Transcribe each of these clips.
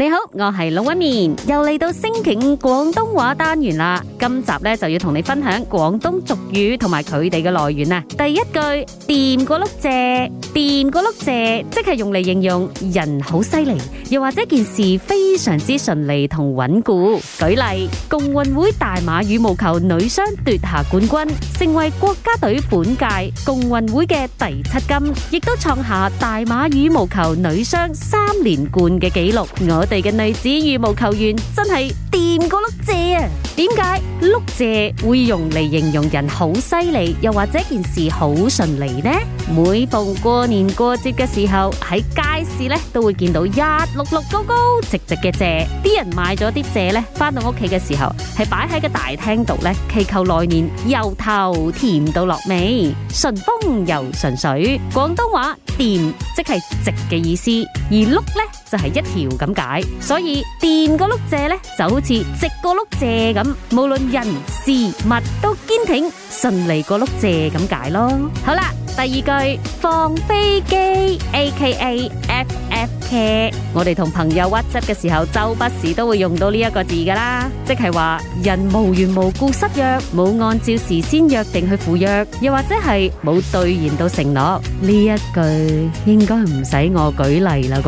你好，我係龍紋敏，又嚟到星期五廣東話單元啦。今集咧就要同你分享廣東俗語同埋佢哋嘅來源啦。第一句掂個碌蔗，掂個碌蔗，即係用嚟形容人好犀利，又或者件事非常之順利同穩固。舉例，共運會大馬羽毛球女雙奪下冠軍，成為國家隊本屆共運會嘅第七金，亦都創下大馬羽毛球女雙三連冠嘅紀錄。我地嘅女子羽毛球員真係掂過碌蔗啊！點解碌蔗會用嚟形容人好犀利，又或者件事好順利呢？每逢過年過節嘅時候，喺街市咧都會見到一碌碌高高直直嘅蔗。啲人買咗啲蔗咧，翻到屋企嘅時候係擺喺個大廳度咧，祈求來年由頭甜到落尾，順風又順水。廣東話掂即係直嘅意思，而碌咧就係一條咁解。所以掂個碌蔗咧，就好似直個碌蔗咁，無論人事物都堅挺順利個碌蔗咁解咯。好啦，第二句放飛機，AKA FF。車，我哋同朋友 WhatsApp 嘅時候，周不時都會用到呢一個字噶啦，即係話人無緣無故失約，冇按照事先約定去赴約，又或者係冇兌現到承諾，呢一句應該唔使我舉例啦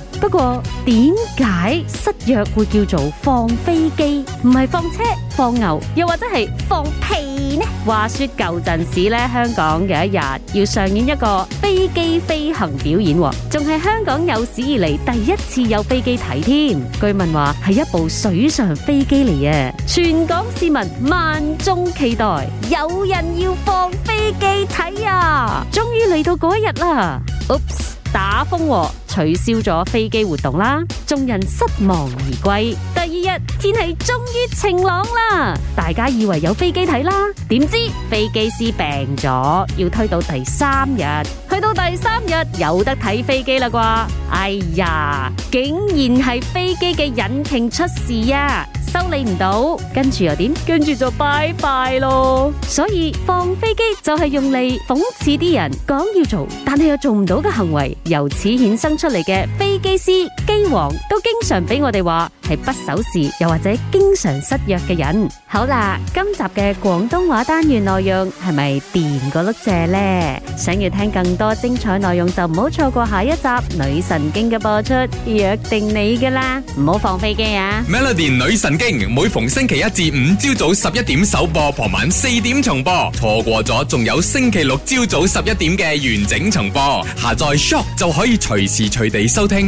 啩。不過點解失約會叫做放飛機，唔係放車、放牛，又或者係放屁呢？話說舊陣時咧，香港嘅一日要上演一個飛機飛行表演，仲係香港有史以嚟第一次有飛機睇添，據聞話係一部水上飛機嚟嘅，全港市民萬眾期待，有人要放飛機睇啊！終於嚟到嗰一日啦，Oops，打風喎！取消咗飛機活動啦，眾人失望而歸。第二日天，天氣終於晴朗啦，大家以為有飛機睇啦，點知飛機師病咗，要推到第三日。去到第三日有得睇飛機啦啩？哎呀，竟然係飛機嘅引擎出事呀，啊，修理唔到，跟住又點？跟住就拜拜咯。所以放飛機就係用嚟諷刺啲人講要做，但係又做唔到嘅行為，由此衍生出嚟嘅。機師機王都經常俾我哋話係不守時，又或者經常失約嘅人。好啦，今集嘅廣東話單元內容係咪掂過碌蔗呢？想要聽更多精彩內容就唔好錯過下一集《女神經》嘅播出，約定你噶啦，唔好放飛機啊！Melody 女神經每逢星期一至五朝早十一點首播，傍晚四點重播，錯過咗仲有星期六朝早十一點嘅完整重播。下載 Shop 就可以隨時隨地收聽。